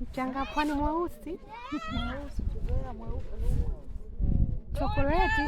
Mchanga pwani mweusi chokoleti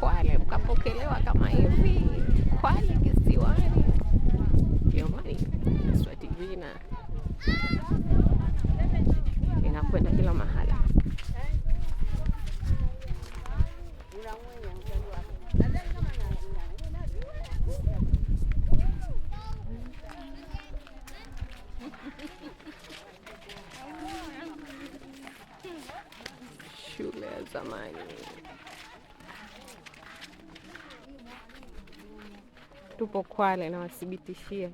Kwale mkapokelewa kama hivi Kwale kisiwani. Jamani, Maswa TV na inakwenda kila mahala. Shule ya zamani. tupo Kwale, nawathibitishia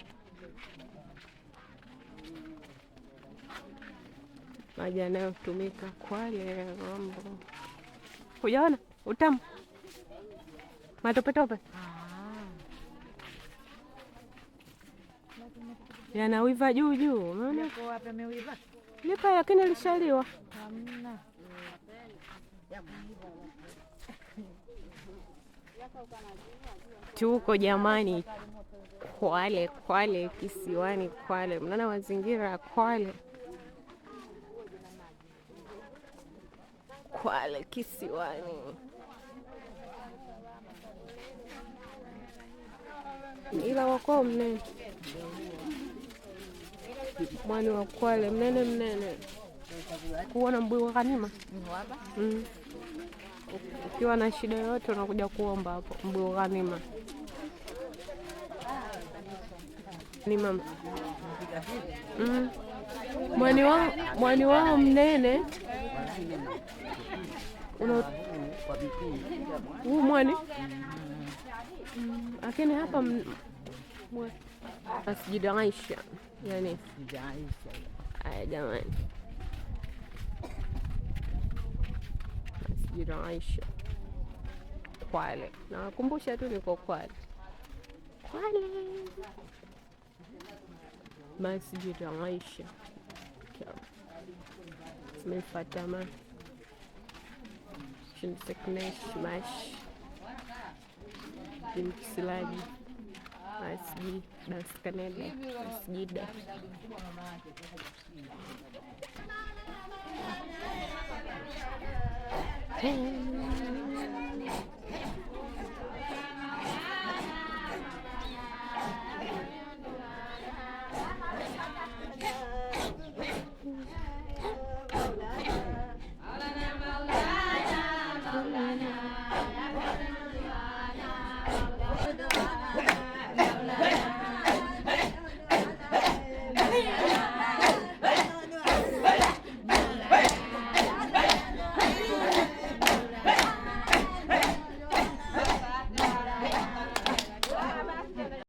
maji yanayotumika Kwale mambo. Hujaona utamu matopetope ah. yanawiva juu juu, umeona nipa lakini lishaliwa Tuko jamani, Kwale, Kwale kisiwani Kwale, mnaona mazingira ya Kwale, Kwale kisiwani. Ila wako mnene, mwani wa Kwale mnene mnene, kuona wa kanima mm. Ukiwa na shida yoyote unakuja kuomba hapo Mbuyu Ghanima. Ni mama mm. mwani wao mwani wao mnene huu mwani mm, lakini hapa Masjid Aisha, yani Aisha. jamani. you know, Aisha Kwale. Nawakumbusha tu niko Kwale, Kwale Masjid Aisha min Fatama Shimseknesh Mash Jimkisilaji Masjid Daskaneda Masjida Hum.